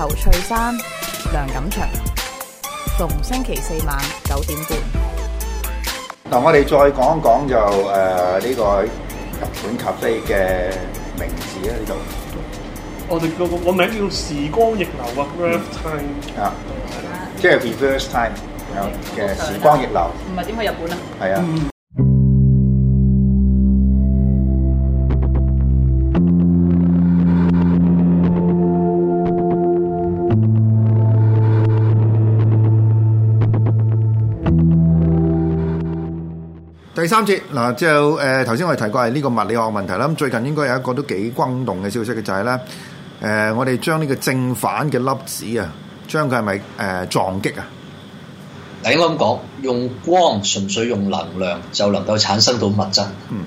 侯翠珊、梁錦祥，逢星期四晚九點半。嗱，我哋再講一講就誒呢個日本咖啡嘅名字咧，呢度。我哋個個名叫時光逆流啊，reverse time 啊，即係 reverse time 嘅時光逆流。唔係點去日本啊？係啊。三節嗱，後就誒頭先我哋提過係呢個物理學問題啦。咁、嗯、最近應該有一個都幾轟動嘅消息嘅，就係咧誒，我哋將呢個正反嘅粒子將是是、呃、啊，將佢係咪誒撞擊啊？你應該咁講，用光，純粹用能量，就能夠產生到物質、嗯啊。嗯，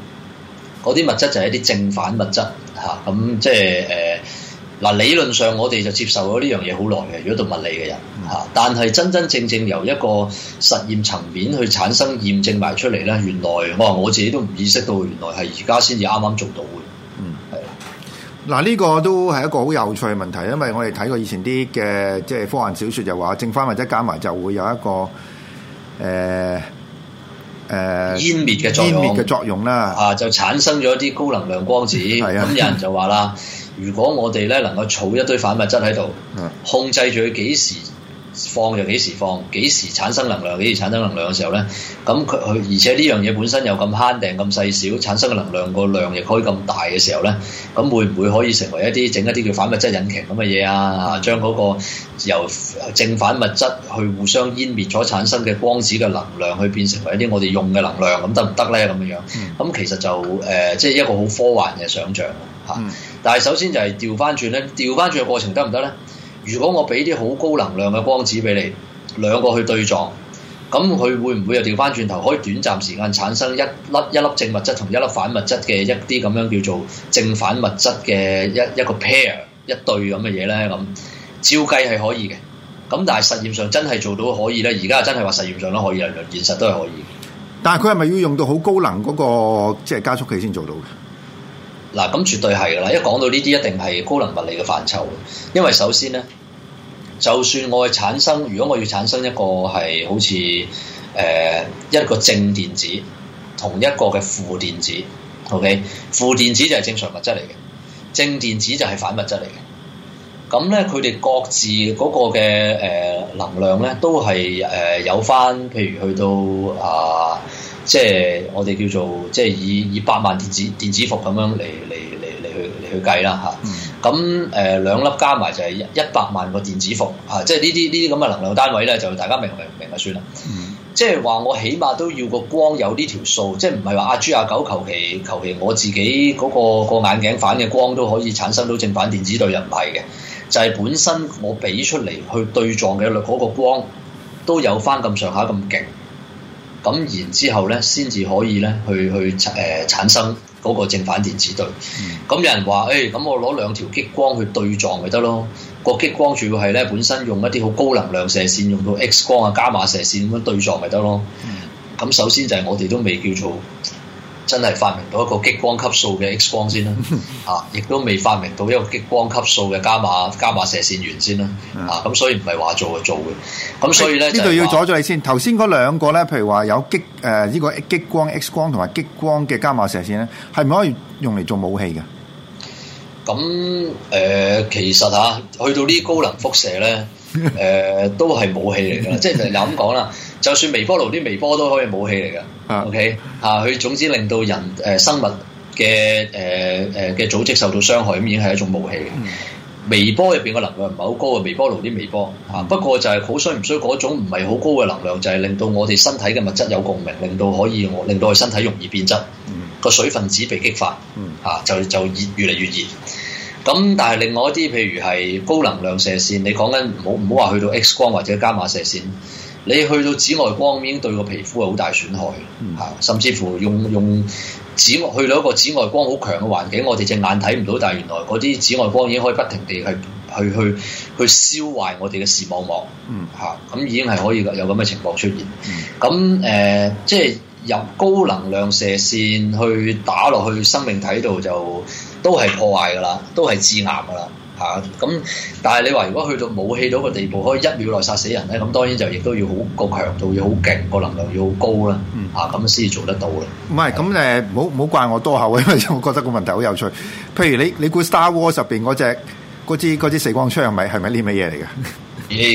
嗰啲物質就係一啲正反物質嚇。咁即係誒。嗱，理論上我哋就接受咗呢樣嘢好耐嘅，如果讀物理嘅人嚇，但係真真正正由一個實驗層面去產生驗證埋出嚟咧，原來我話我自己都唔意識到，原來係而家先至啱啱做到嘅。嗯，係啦。嗱，呢個都係一個好有趣嘅問題，因為我哋睇過以前啲嘅即係科幻小説，就話正反或者加埋就會有一個誒誒湮滅嘅作用，湮滅嘅作用啦。啊，就產生咗啲高能量光子，咁 有人就話啦。如果我哋咧能夠儲一堆反物質喺度，控制住佢幾時放就幾時放，幾時產生能量，幾時產生能量嘅時候呢？咁佢而且呢樣嘢本身又咁慳定，咁細小，產生嘅能量個量亦可以咁大嘅時候呢，咁會唔會可以成為一啲整一啲叫反物質引擎咁嘅嘢啊？將嗰個由正反物質去互相湮滅咗產生嘅光子嘅能量去變成為一啲我哋用嘅能量咁得唔得呢？咁樣樣咁其實就誒，即係一個好科幻嘅想像。嚇！嗯、但係首先就係調翻轉咧，調翻轉嘅過程得唔得咧？如果我俾啲好高能量嘅光子俾你兩個去對撞，咁佢會唔會又調翻轉頭，可以短暫時間產生一粒一粒正物質同一粒反物質嘅一啲咁樣叫做正反物質嘅一一個 pair 一對咁嘅嘢咧？咁照計係可以嘅。咁但係實驗上真係做到可以咧？而家真係話實驗上都可以啊，現實都係可以。但係佢係咪要用到好高能嗰個即係加速器先做到嘅？嗱，咁絕對係噶啦，一講到呢啲一定係高能物理嘅範疇。因為首先咧，就算我嘅產生，如果我要產生一個係好似誒、呃、一個正電子，同一個嘅負電子，OK，負電子就係正常物質嚟嘅，正電子就係反物質嚟嘅。咁咧，佢哋各自嗰個嘅誒能量咧，都係誒有返，譬如去到啊。即係我哋叫做即係以以百萬電子電子伏咁樣嚟嚟嚟嚟去嚟去計啦嚇。咁誒、嗯呃、兩粒加埋就係一百萬個電子伏。嚇、啊。即係呢啲呢啲咁嘅能量單位咧，就大家明唔明？明白就算啦。嗯、即係話我起碼都要個光有呢條數，即係唔係話阿豬阿狗求其求其我自己嗰、那個那個眼鏡反嘅光都可以產生到正反電子對，人唔係嘅，就係、是、本身我俾出嚟去對撞嘅嗰、那個光都有翻咁上下咁勁。咁然之後咧，先至可以咧，去去誒、呃、產生嗰個正反電子對。咁、嗯、有人話，誒、哎，咁我攞兩條激光去對撞咪得咯？個激光主要係咧，本身用一啲好高能量射線，用到 X 光啊、伽馬射線咁樣對撞咪得咯。咁、嗯、首先就係我哋都未叫做。真係發明到一個激光級數嘅 X 光先啦，啊！亦 都未發明到一個激光級數嘅伽馬伽馬射線源先啦，啊！咁、 啊、所以唔係話做就做嘅。咁、嗯、所以咧，呢度要阻住你先。頭先嗰兩個咧，譬如話有激誒呢、呃這個激光 X 光同埋激光嘅伽馬射線咧，係唔可以用嚟做武器嘅。咁誒、嗯呃，其實嚇、啊，去到呢啲高能輻射咧。誒、呃，都係武器嚟噶，即係就咁講啦。就算微波爐啲微波都可以武器嚟噶。OK，吓、啊，佢、啊、總之令到人誒、呃，生物嘅誒誒嘅組織受到傷害，咁已經係一種武器，嗯微。微波入邊嘅能量唔係好高嘅，微波爐啲微波。吓、啊，不過就係好衰唔衰嗰種唔係好高嘅能量，就係令到我哋身體嘅物質有共鳴，令到可以我令到佢身體容易變質。個水分子被激發，吓、嗯啊、就就熱越嚟越熱。咁但係另外一啲，譬如係高能量射線，你講緊唔好話去到 X 光或者伽馬射線，你去到紫外光已經對個皮膚係好大損害，嚇、嗯，甚至乎用用紫去到一個紫外光好強嘅環境，我哋隻眼睇唔到，但係原來嗰啲紫外光已經可以不停地去去去去燒壞我哋嘅視網膜，嚇、嗯，咁、嗯嗯、已經係可以有咁嘅情況出現。咁誒、嗯呃，即係。入高能量射線去打落去生命體度就都係破壞噶啦，都係致癌噶啦嚇。咁、啊、但係你話如果去到武器到個地步可以一秒內殺死人咧，咁、啊、當然就亦都要好個強度要好勁，個能量要好高啦。嗯啊咁先至做得到啦。唔係咁誒，唔好唔好怪我多口，因為我覺得個問題好有趣。譬如你你估 Star Wars 入邊嗰隻嗰支嗰支死光槍係咪係咪呢咩嘢嚟㗎？是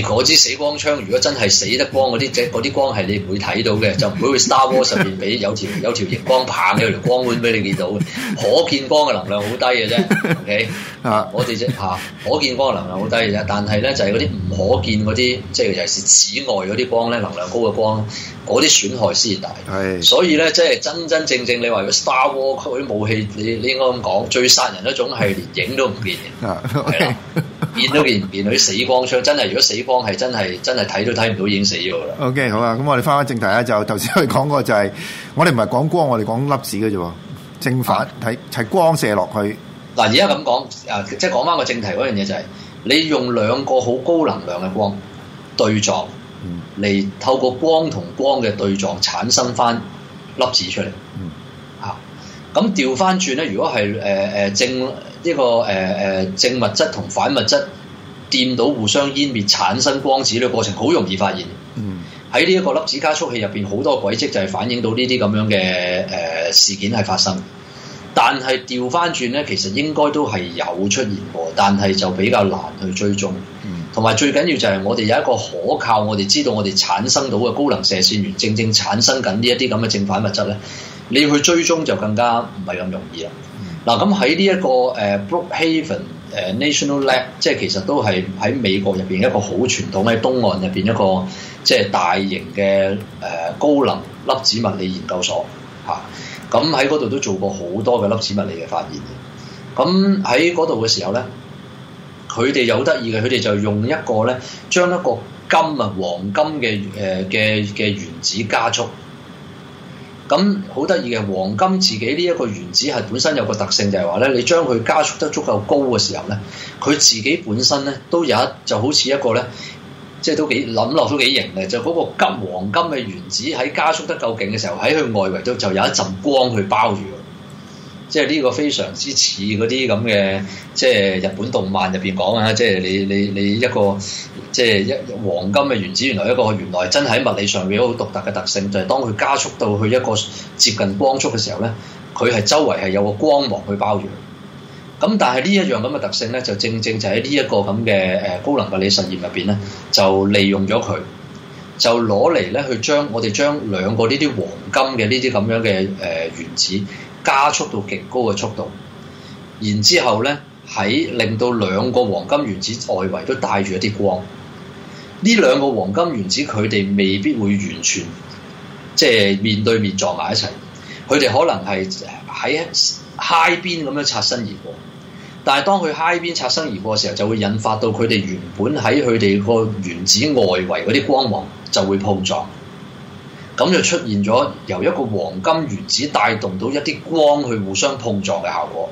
嗰支死光槍，如果真係死得光，嗰啲即啲光係你唔會睇到嘅，就唔會去 Star Wars 上邊俾有條有條熒光棒嘅條光管俾你見到嘅。可見光嘅能量好低嘅啫，OK、 那個、啊，我哋即係可見光嘅能量好低嘅啫。但係咧就係嗰啲唔可見嗰啲，即係尤其是紫外嗰啲光咧，能量高嘅光，嗰啲損害先大。係， 所以咧即係真真正正你話要 Star Wars 嗰啲武器，你應該咁講最殺人一種係連影都唔見嘅，係啦， 見都見唔見。嗰啲死光槍真係如果。死光係真係真係睇都睇唔到，已經死咗啦。OK，好啊，咁我哋翻翻正題啊，就頭先佢講過就係、是，我哋唔係講光，我哋講粒子嘅啫。正反睇，係光射落去嗱，而家咁講啊，即係講翻個正題嗰樣嘢就係、是，你用兩個好高能量嘅光對撞，嚟、嗯、透過光同光嘅對撞產生翻粒子出嚟。吓咁調翻轉咧，如果係誒誒正呢、這個誒誒、呃、正物質同反物質。掂到互相湮滅產生光子嘅過程好容易發現，喺呢一個粒子加速器入邊好多軌跡就係反映到呢啲咁樣嘅誒、呃、事件係發生。但係掉返轉呢，其實應該都係有出現過，但係就比較難去追蹤。同埋、嗯、最緊要就係我哋有一個可靠，我哋知道我哋產生到嘅高能射線源正正產生緊呢一啲咁嘅正反物質呢，你要去追蹤就更加唔係咁容易啦。嗱、嗯，咁喺呢一個誒。呃誒 National Lab，即係其實都係喺美國入邊一個好傳統喺東岸入邊一個即係大型嘅誒高能粒子物理研究所嚇，咁喺嗰度都做過好多嘅粒子物理嘅發現。咁喺嗰度嘅時候咧，佢哋有得意嘅，佢哋就用一個咧，將一個金啊黃金嘅誒嘅嘅原子加速。咁好得意嘅，黃金自己呢一個原子係本身有個特性，就係話咧，你將佢加速得足夠高嘅時候咧，佢自己本身咧都有一就好似一個咧，即係都幾諗落都幾型嘅，就嗰個金黃金嘅原子喺加速得夠勁嘅時候，喺佢外圍度就有一陣光去包住。即係呢個非常之似嗰啲咁嘅，即係日本動漫入邊講啊！即係你你你一個，即係一黃金嘅原子，原來一個原來真係喺物理上面好獨特嘅特性，就係當佢加速到去一個接近光速嘅時候咧，佢係周圍係有個光芒去包住。咁但係呢一樣咁嘅特性咧，就正正就喺呢一個咁嘅誒高能物理實驗入邊咧，就利用咗佢，就攞嚟咧去將我哋將兩個呢啲黃金嘅呢啲咁樣嘅誒原子。加速到極高嘅速度，然之後呢，喺令到兩個黃金原子外圍都帶住一啲光。呢兩個黃金原子佢哋未必會完全即係、就是、面對面撞埋一齊，佢哋可能係喺嗨邊咁樣擦身而過。但係當佢嗨邊擦身而過嘅時候，就會引發到佢哋原本喺佢哋個原子外圍嗰啲光芒就會碰撞。咁就出現咗由一個黃金原子帶動到一啲光去互相碰撞嘅效果，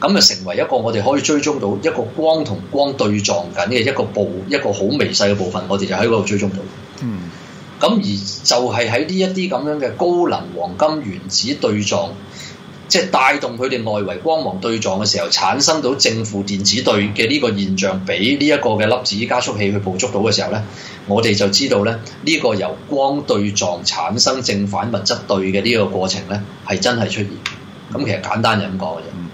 咁就成為一個我哋可以追蹤到一個光同光對撞緊嘅一個部一個好微細嘅部分，我哋就喺嗰度追蹤到。嗯，咁而就係喺呢一啲咁樣嘅高能黃金原子對撞。即係帶動佢哋外圍光芒對撞嘅時候，產生到正負電子對嘅呢個現象，畀呢一個嘅粒子加速器去捕捉到嘅時候咧，我哋就知道咧，呢個由光對撞產生正反物質對嘅呢個過程咧，係真係出現。咁其實簡單就咁講嘅啫。嗯，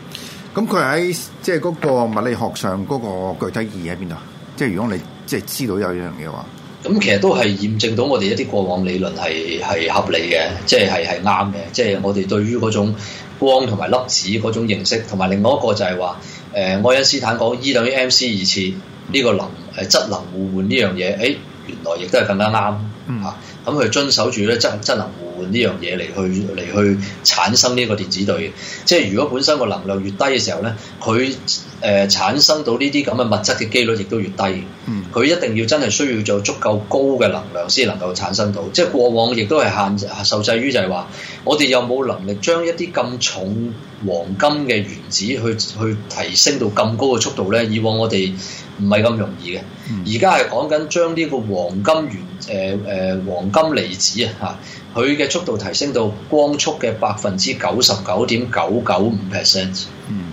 咁佢喺即係嗰個物理學上嗰個具體意義喺邊度？即係如果你即係、就是、知道有樣嘢話，咁其實都係驗證到我哋一啲過往理論係係合理嘅，即係係係啱嘅。即係、就是、我哋對於嗰種。光同埋粒子嗰種形式，同埋另外一個就係話，誒愛因斯坦講 E 等於 MC 二次呢，這個能誒，質能互換呢樣嘢，誒、欸，原來亦都係咁樣啱吓。咁、啊、佢、嗯嗯嗯嗯、遵守住咧質質能互。呢樣嘢嚟去嚟去產生呢個電子對嘅，即係如果本身個能量越低嘅時候咧，佢誒、呃、產生到呢啲咁嘅物質嘅幾率亦都越低。佢、嗯、一定要真係需要做足夠高嘅能量先能夠產生到。即係過往亦都係限受制於就係話，我哋有冇能力將一啲咁重。黃金嘅原子去去提升到咁高嘅速度咧，以往我哋唔係咁容易嘅。而家係講緊將呢個黃金原誒誒、呃呃、黃金離子啊，嚇佢嘅速度提升到光速嘅百分之九十九點九九五 percent，嗯，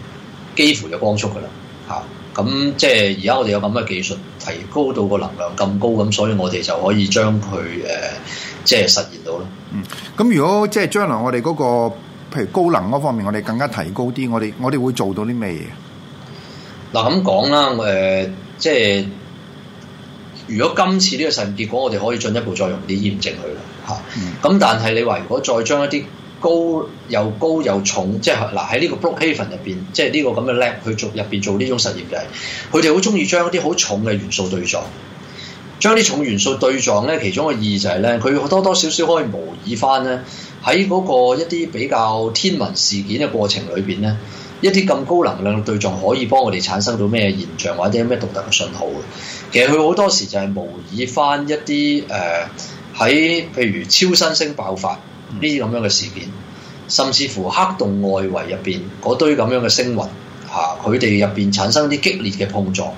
幾乎就光速噶啦嚇。咁、啊嗯、即係而家我哋有咁嘅技術，提高到個能量咁高，咁所以我哋就可以將佢誒、呃、即係實現到咯。嗯，咁如果即係將來我哋嗰、嗰個譬如高能嗰方面，我哋更加提高啲，我哋我哋會做到啲咩嘢？嗱咁講啦，誒、呃，即係如果今次呢個實驗結果，我哋可以進一步再用啲驗證佢啦，嚇。咁但係你話如果再將一啲高又高又重，即係嗱喺呢個 Blockhaven 入邊，即係呢個咁嘅 lab 去做入邊做呢種實驗就係，佢哋好中意將一啲好重嘅元素對撞，將啲重元素對撞咧，其中嘅意義就係咧，佢多多少少可以模擬翻咧。喺嗰個一啲比較天文事件嘅過程裏邊，呢一啲咁高能量對象可以幫我哋產生到咩現象或者咩獨特嘅信號。其實佢好多時就係模擬返一啲誒喺譬如超新星爆發呢啲咁樣嘅事件，甚至乎黑洞外圍入邊嗰堆咁樣嘅星雲嚇，佢哋入邊產生啲激烈嘅碰撞。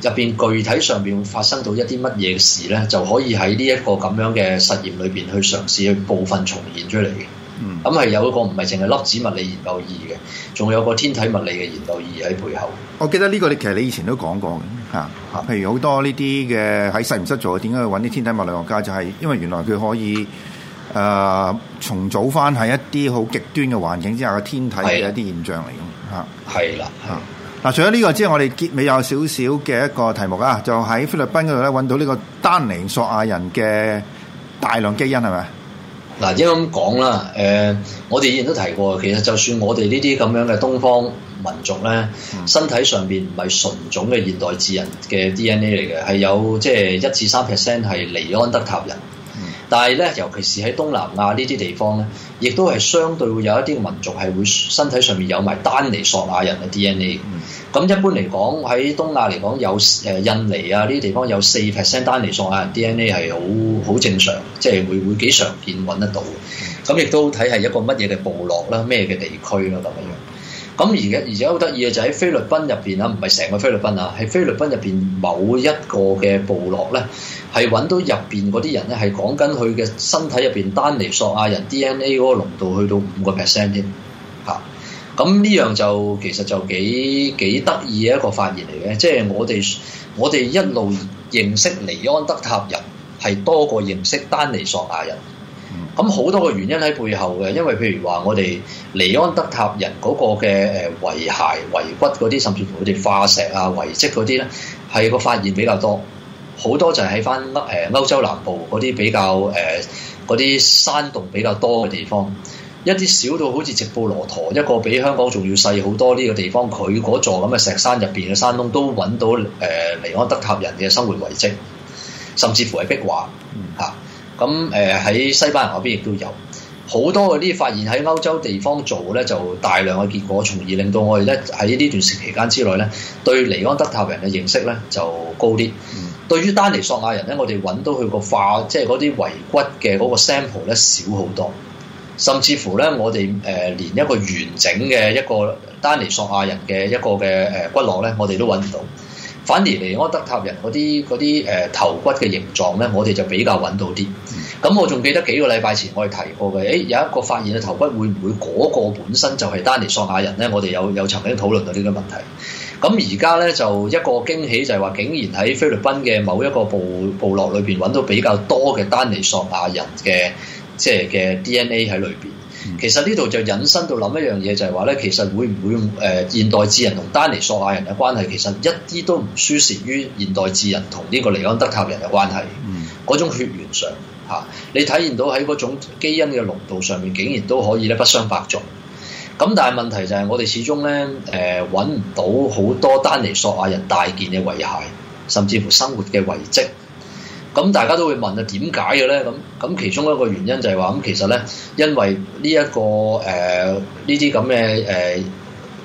入邊具體上邊會發生到一啲乜嘢事咧，就可以喺呢一個咁樣嘅實驗裏邊去嘗試去部分重現出嚟嘅。嗯，咁係有一個唔係淨係粒子物理研究意義嘅，仲有個天體物理嘅研究意義喺背後。我記得呢個你其實你以前都講過嘅嚇嚇，譬如好多呢啲嘅喺實驗室做，點解要揾啲天體物理學家？就係、是、因為原來佢可以誒、呃、重組翻喺一啲好極端嘅環境之下嘅天體嘅一啲現象嚟嘅嘛嚇。係啦嚇的。嗱，除咗呢個之外，我哋結尾有少少嘅一個題目啊，就喺菲律賓嗰度咧揾到呢個丹尼索亞人嘅大量基因係咪？嗱，因為咁講啦，誒、呃，我哋以前都提過，其實就算我哋呢啲咁樣嘅東方民族咧，身體上邊唔係純種嘅現代智人嘅 DNA 嚟嘅，係有即係一至三 percent 係尼安德塔人。但係咧，尤其是喺東南亞呢啲地方咧，亦都係相對會有一啲民族係會身體上面有埋丹尼索亞人嘅 D N A。咁一般嚟講，喺東亞嚟講，有誒印尼啊呢啲地方有四 percent 丹尼索亞人 D N A 係好好正常，即係會會幾常見揾得到。咁亦都睇係一個乜嘢嘅部落啦，咩嘅地區啦咁樣。咁而家，而且好得意嘅就喺、是、菲律賓入邊啦，唔係成個菲律賓啊，係菲律賓入邊某一個嘅部落咧，係揾到入邊嗰啲人咧，係講緊佢嘅身體入邊丹尼索亞人 DNA 嗰個濃度去到五個 percent 添嚇。咁、啊、呢樣就其實就幾幾得意嘅一個發現嚟嘅，即、就、係、是、我哋我哋一路認識尼安德塔人係多過認識丹尼索亞人。咁好多個原因喺背後嘅，因為譬如話我哋尼安德塔人嗰個嘅誒遺骸、遺骨嗰啲，甚至乎佢哋化石啊、遺跡嗰啲咧，係個發現比較多，好多就係喺翻誒歐洲南部嗰啲比較誒嗰啲山洞比較多嘅地方，一啲少到好似直布羅陀一個比香港仲要細好多啲嘅地方，佢嗰座咁嘅石山入邊嘅山窿都揾到誒尼安德塔人嘅生活遺跡，甚至乎係壁畫，嚇。咁誒喺西班牙嗰邊亦都有好多嗰啲發現喺歐洲地方做咧，就大量嘅結果，從而令到我哋咧喺呢段時期間之內咧，對尼安德塔人嘅認識咧就高啲。嗯、對於丹尼索瓦人咧，我哋揾到佢、即係、個化即係嗰啲遺骨嘅嗰個 sample 咧少好多，甚至乎咧我哋誒連一個完整嘅一個丹尼索瓦人嘅一個嘅誒骨骼咧，我哋都揾唔到，反而尼安德塔人嗰啲啲誒頭骨嘅形狀咧，我哋就比較揾到啲。咁我仲記得幾個禮拜前我哋提過嘅，誒、欸、有一個發現嘅頭骨會唔會嗰個本身就係丹尼索瓦人咧？我哋有有曾經討論過呢個問題。咁而家咧就一個驚喜就係話，竟然喺菲律賓嘅某一個部部落裏邊揾到比較多嘅丹尼索瓦人嘅即係嘅 DNA 喺裏邊。嗯、其實呢度就引申到諗一樣嘢，就係話咧，其實會唔會誒、呃、現代智人同丹尼索瓦人嘅關係其實一啲都唔輸蝕於現代智人同呢個尼安德塔人嘅關係嗰、嗯、種血緣上。嚇！你體現到喺嗰種基因嘅濃度上面，竟然都可以咧不相伯仲。咁但係問題就係，我哋始終咧誒揾唔到好多丹尼索瓦人大件嘅遺骸，甚至乎生活嘅遺跡。咁大家都會問啊，點解嘅咧？咁咁其中一個原因就係話，咁其實咧，因為呢、這、一個誒呢啲咁嘅誒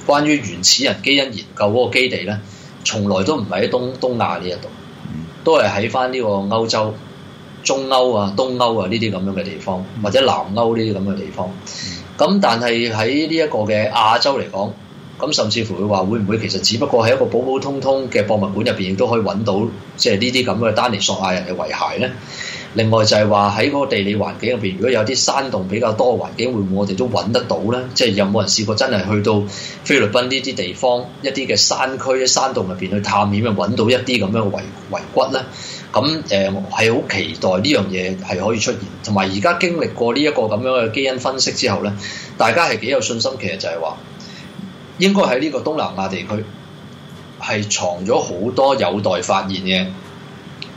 關於原始人基因研究嗰個基地咧，從來都唔喺東東亞呢一度，都係喺翻呢個歐洲，中歐啊、東歐啊呢啲咁樣嘅地方，或者南歐呢啲咁嘅地方，咁但係喺呢一個嘅亞洲嚟講，咁甚至乎會話會唔會其實只不過係一個普普通通嘅博物館入邊，亦都可以揾到即係呢啲咁嘅丹尼索亞人嘅遺骸咧？另外就係話喺嗰個地理環境入邊，如果有啲山洞比較多嘅環境，會唔會我哋都揾得到咧？即係有冇人試過真係去到菲律賓呢啲地方一啲嘅山區、山洞入邊去探險，咪揾到一啲咁樣嘅遺遺骨咧？咁誒係好期待呢樣嘢係可以出現，同埋而家經歷過呢一個咁樣嘅基因分析之後咧，大家係幾有信心，其實就係話，應該喺呢個東南亞地區係藏咗好多有待發現嘅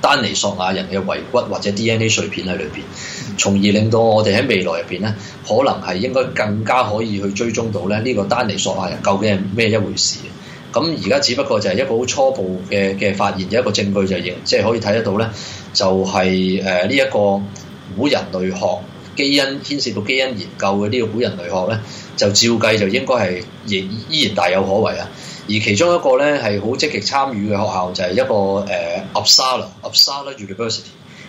丹尼索瓦人嘅遺骨或者 DNA 碎片喺裏邊，從而令到我哋喺未來入邊咧，可能係應該更加可以去追蹤到咧呢個丹尼索瓦人究竟係咩一回事。咁而家只不過就係一個好初步嘅嘅發現，一個證據就係，即係可以睇得到咧，就係誒呢一個古人類學基因牽涉到基因研究嘅呢個古人類學咧，就照計就應該係仍依然大有可為啊！而其中一個咧係好積極參與嘅學校就係一個誒 Uppsala Uppsala University。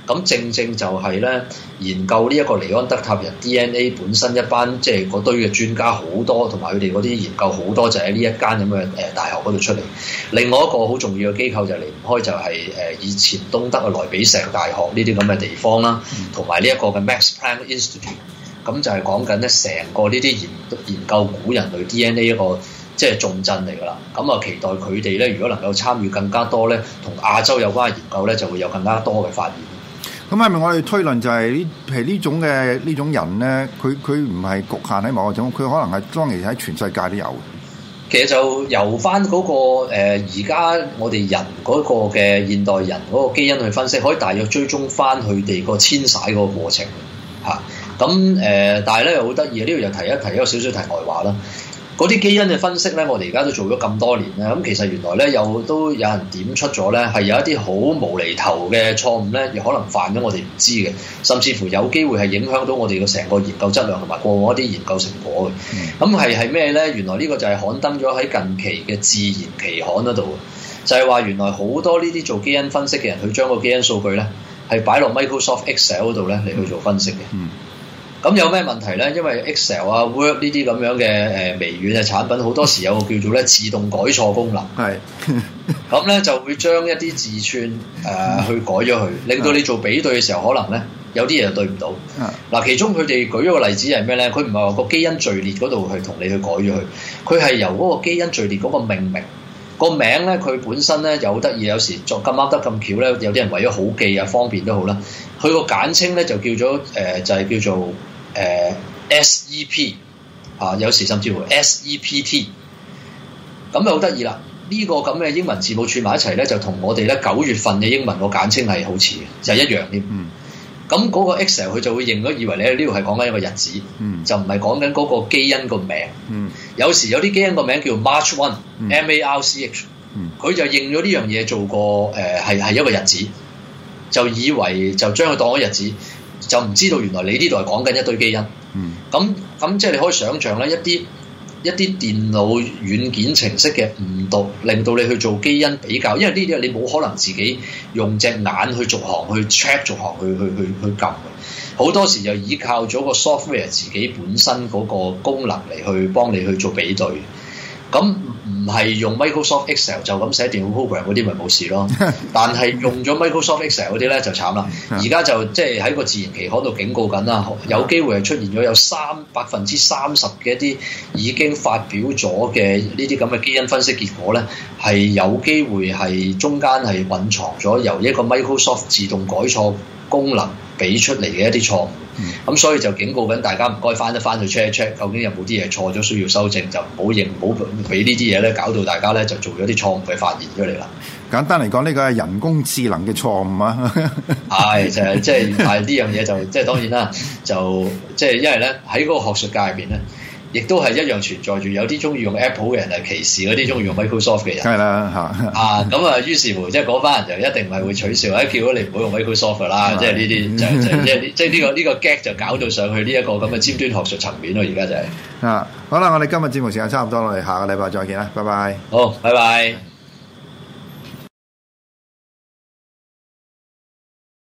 咁正正就係咧，研究呢一個尼安德塔人 DNA 本身一班即係嗰堆嘅專家好多，同埋佢哋嗰啲研究好多就喺呢一間咁嘅誒大學嗰度出嚟。另外一個好重要嘅機構就離唔開就係誒以前東德嘅萊比錫大學呢啲咁嘅地方啦，同埋呢一個嘅 Max Planck Institute，咁就係講緊咧成個呢啲研研究古人類 DNA 一個即係、就是、重鎮嚟噶啦。咁啊，期待佢哋咧，如果能夠參與更加多咧，同亞洲有關嘅研究咧，就會有更加多嘅發現。咁係咪我哋推論就係、是、呢？係呢種嘅呢種人咧，佢佢唔係局限喺某個種，佢可能係當其喺全世界都有。其實就由翻嗰、那個誒，而、呃、家我哋人嗰個嘅現代人嗰個基因去分析，可以大約追蹤翻佢哋個遷徙嗰個過程。吓咁誒，但係咧又好得意啊！呢度又提一提，一有少少題外話啦。嗰啲基因嘅分析咧，我哋而家都做咗咁多年啦。咁、嗯、其實原來咧有都有人點出咗咧，係有一啲好無厘頭嘅錯誤咧，亦可能犯咗我哋唔知嘅，甚至乎有機會係影響到我哋嘅成個研究質量同埋過往一啲研究成果嘅。咁係係咩咧？原來呢個就係刊登咗喺近期嘅《自然》期刊嗰度就係、是、話原來好多呢啲做基因分析嘅人去將個基因數據咧係擺落 Microsoft Excel 度咧嚟去做分析嘅。嗯咁有咩問題咧？因為 Excel 啊、Word 呢啲咁樣嘅誒微軟嘅產品，好多時有個叫做咧自動改錯功能。係 咁咧就會將一啲字串誒、呃、去改咗佢，令到你做比對嘅時候，可能咧有啲嘢對唔到。嗱， 其中佢哋舉咗個例子係咩咧？佢唔係話個基因序列嗰度去同你去改咗去，佢係由嗰個基因序列嗰個命名。個名咧，佢本身咧又好得意，有時作咁啱得咁巧咧，有啲人為咗好記啊，方便都好啦。佢個簡稱咧就叫，呃就係、叫做，誒、呃，就係叫做誒 SEP 啊，有時甚至乎 SEP T，咁就好得意啦。呢、呢個咁嘅英文字母串埋一齊咧，就同我哋咧九月份嘅英文個簡稱係好似，就係、係、一樣添。嗯咁嗰個 Excel 佢就會認咗，以為你喺呢度係講緊一個日子，嗯、就唔係講緊嗰個基因個名。嗯、有時有啲基因個名叫 March One，M、嗯、A R C H，佢、嗯、就認咗呢樣嘢做過誒，係、呃、係一個日子，就以為就將佢當咗日子，就唔知道原來你呢度係講緊一堆基因。咁咁、嗯、即係你可以想象咧一啲。一啲電腦軟件程式嘅誤讀，令到你去做基因比較，因為呢啲你冇可能自己用隻眼去逐行去 check 逐行去去去去撳嘅，好多時就依靠咗個 software 自己本身嗰個功能嚟去幫你去做比對，咁。唔係用 Microsoft Excel 就咁寫電腦 program 嗰啲咪冇事咯，但係用咗 Microsoft Excel 嗰啲咧就慘啦。而家就即係喺個自然期刊度警告緊啦，有機會係出現咗有三百分之三十嘅一啲已經發表咗嘅呢啲咁嘅基因分析結果咧，係有機會係中間係隱藏咗由一個 Microsoft 自動改錯功能俾出嚟嘅一啲錯誤，咁、嗯、所以就警告緊大家唔該翻一翻去 check 一 check，究竟有冇啲嘢錯咗需要修正，就唔好認，唔好俾呢啲嘢咧搞到大家咧就做咗啲錯誤嘅發言出嚟啦。簡單嚟講，呢、這個係人工智能嘅錯誤啊！係、 哎、就係即係，但係呢樣嘢就即、是、係、就是就是就是就是、當然啦，就即係、就是、因為咧喺嗰個學術界入邊咧。亦都係一樣存在住，有啲中意用 Apple 嘅人係歧視嗰啲中意用 Microsoft 嘅人。係啦，嚇啊咁啊， 於是乎即係嗰班人就一定係會取笑，哎、啊，叫咗你唔好用 Microsoft 啦。 即係呢啲，即係即係即係呢個呢、呢個 gag 就搞到上去呢一個咁嘅尖端學術層面咯。而家就係、係、啊，好啦，我哋今日節目時間差唔多，我哋下個禮拜再見啦，拜拜。好，拜拜。